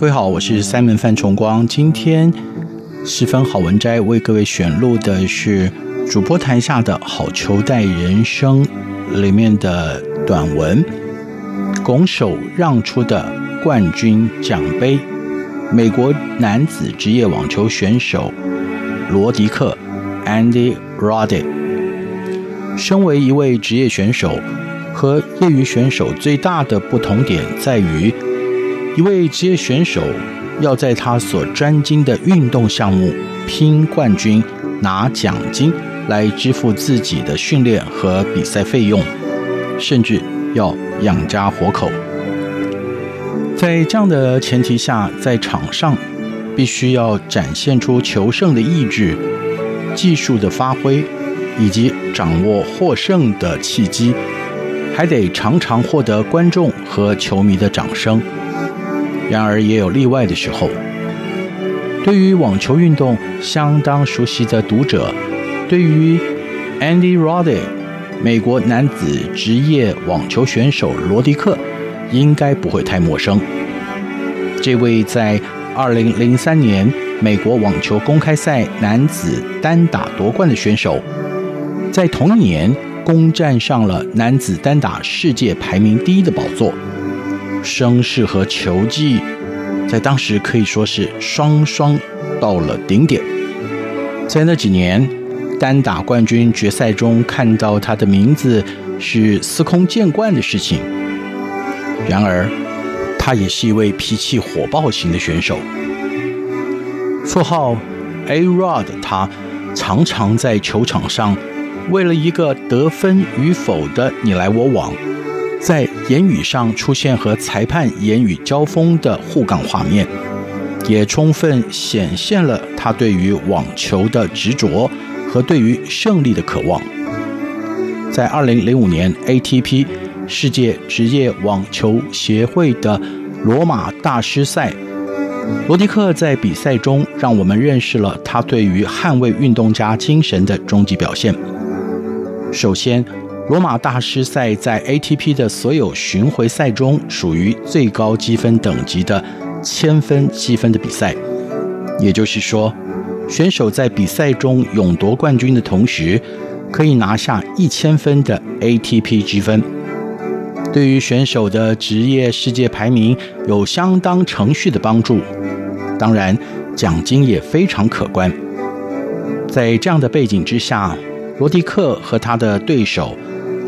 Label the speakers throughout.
Speaker 1: 各位好，我是三門范崇光。今天十分好文摘，為各位選錄的是主播台下的《好球帶人生》裡面的短文《拱手讓出的冠軍獎杯》。美國男子職業網球選手羅迪克 （Andy r o d d i 身為一位職業選手和業餘選手最大的不同點在於。一位職業選手要在他所專精的運動項目拼冠軍，拿獎金來支付自己的訓練和比賽費用，甚至要養家活口。在這樣的前提下，在場上必須要展現出求勝的意志、技術的發揮，以及掌握獲勝的契機，還得常常獲得觀眾和球迷的掌聲。然而也有例外的時候。對於網球運動相當熟悉的讀者，對於 Andy r o d d y dy, 美國男子職業網球選手羅迪克）應該不會太陌生。這位在二零零三年美國網球公開賽男子單打奪冠的選手，在同一年攻佔上了男子單打世界排名第一的寶座。聲勢和球技，在當時可以說是雙雙到了頂點。在那幾年，單打冠軍決賽中看到他的名字是司空見慣的事情。然而，他也是一位脾氣火爆型的選手，綽號 A Rod。他常常在球場上，為了一個得分與否的你來我往，在，言語上出現和裁判言語交鋒的互槓畫面，也充分顯現了他對於網球的執着和對於勝利的渴望。在二零零五年 ATP 世界職業網球協會的羅馬大師賽，羅迪克在比賽中讓我們認識了他對於捍衛運動家精神的終極表現。首先。羅馬大師賽在 ATP 的所有巡迴賽中屬於最高積分等級的千分積分的比賽，也就是說，選手在比賽中勇奪冠軍的同時，可以拿下一千分的 ATP 積分，對於選手的職業世界排名有相當程度的幫助。當然，獎金也非常可觀。在這樣的背景之下，羅迪克和他的對手。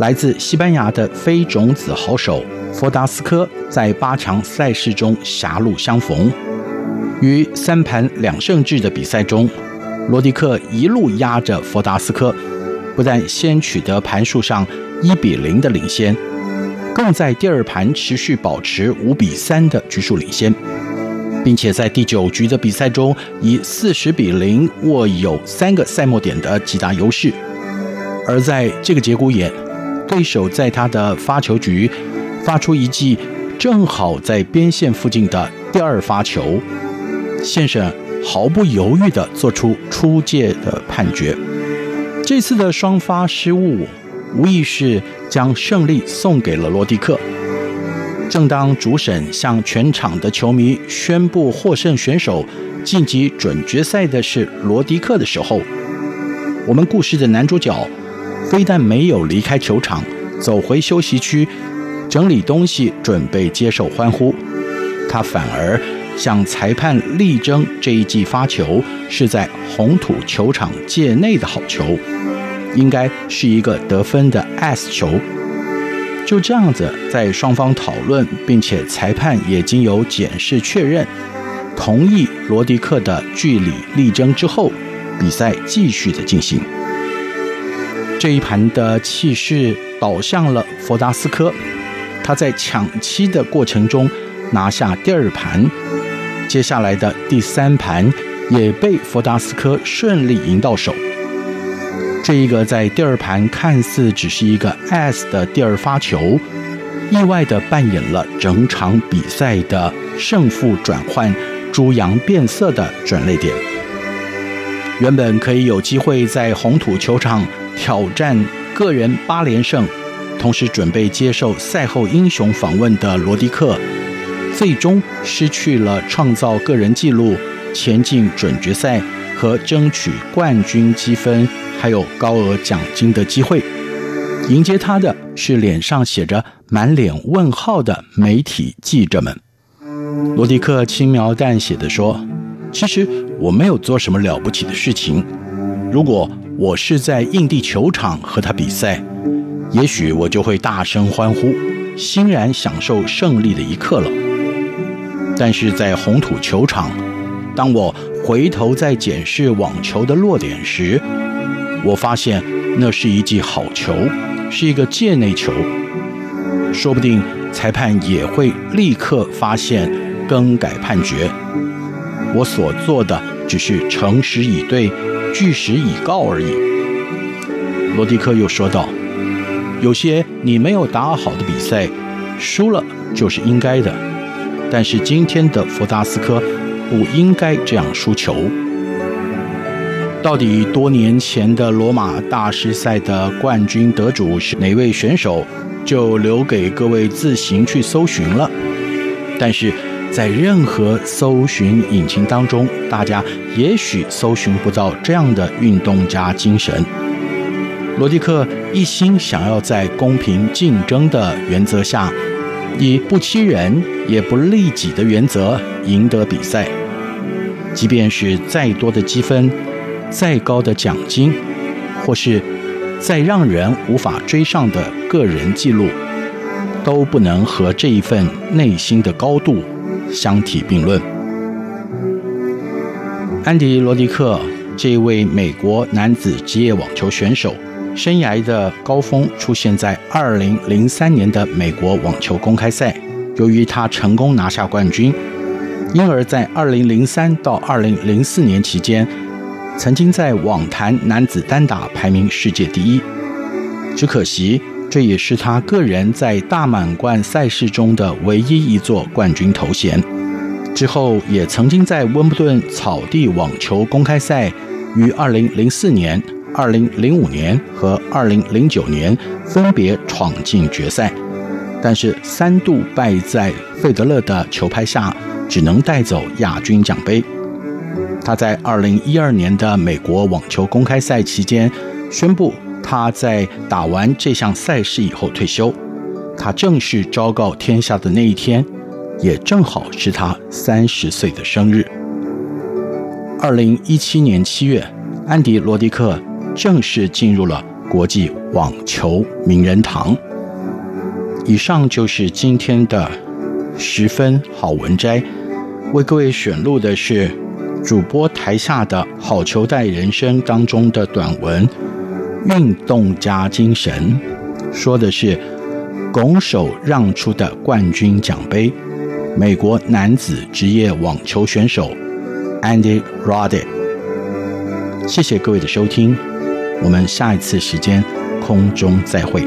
Speaker 1: 來自西班牙的非種子好手佛達斯科在八強賽事中狹路相逢，於三盤兩勝制的比賽中，羅迪克一路壓着佛達斯科，不但先取得盤數上一比零的領先，更在第二盤持續保持五比三的局數領先，並且在第九局的比賽中以四十比零握有三個賽末點的極大優勢，而在這個節骨眼。對手在他的發球局發出一記正好在邊線附近的第二發球，先生毫不猶豫地做出出界的判決。這次的雙發失誤無疑是將勝利送給了羅迪克。正當主審向全場的球迷宣布獲勝選手晉級準決賽的是羅迪克的時候，我們故事的男主角。非但沒有離開球場，走回休息區整理東西，準備接受歡呼，他反而向裁判力爭這一記發球是在紅土球場界內的好球，應該是一個得分的 S 球。就這樣子，在雙方討論，並且裁判也經由檢視確認，同意羅迪克的據理力爭之後，比賽繼續的進行。這一盤的氣勢倒向了佛達斯科，他在搶七的過程中拿下第二盤，接下來的第三盤也被佛達斯科順利贏到手。這一個在第二盤看似只是一個 S 的第二發球，意外的扮演了整場比賽的勝負轉換、豬羊變色的轉捩點。原本可以有機會在紅土球場。挑戰個人八連勝，同時準備接受賽後英雄訪問的羅迪克，最終失去了創造個人紀錄、前進準決賽和爭取冠軍積分還有高額獎金的機會。迎接他的是臉上寫着滿臉問號的媒體記者們。羅迪克輕描淡寫地說：“其實我沒有做什麼了不起的事情，如果……”我是在硬地球場和他比賽，也許我就會大聲歡呼，欣然享受勝利的一刻了。但是在紅土球場，當我回頭再檢視網球的落點時，我發現那是一記好球，是一個界內球，說不定裁判也會立刻發現，更改判決。我所做的只是誠實以對。據實以告而已。羅迪克又說道：“有些你沒有打好的比賽，輸了就是應該的。但是今天的佛達斯科不應該這樣輸球。到底多年前的羅馬大師賽的冠軍得主是哪位選手，就留給各位自行去搜尋了。但是。”在任何搜尋引擎當中，大家也許搜尋不到這樣的運動家精神。羅迪克一心想要在公平競爭的原則下，以不欺人也不利己的原則贏得比賽。即便是再多的積分、再高的獎金，或是再讓人無法追上的個人記錄，都不能和這一份內心的高度，相提並論。安迪·羅迪克這一位美國男子職業網球選手生涯的高峰出現在2003年的美國網球公開賽，由於他成功拿下冠軍，因而，在2003到2004年期間，曾經在網壇男子單打排名世界第一。只可惜。這也是他個人在大滿貫賽事中的唯一一座冠軍頭銜。之後也曾經在溫布頓草地網球公開賽於2004年、2005年和2009年分別闖進決賽，但是三度敗在費德勒的球拍下，只能帶走亞軍獎杯。他在2012年的美國網球公開賽期間宣布。他在打完這項賽事以後退休，他正式昭告天下的那一天，也正好是他三十歲的生日。二零一七年七月，安迪·羅迪克正式進入了國際網球名人堂。以上就是今天的十分好文摘，為各位選錄的是主播台下的好球帶人生當中的短文。運動家精神，說的是拱手讓出的冠軍獎盃。美國男子職業網球選手 Andy Roddick。謝謝各位的收聽，我們下一次時間空中再會。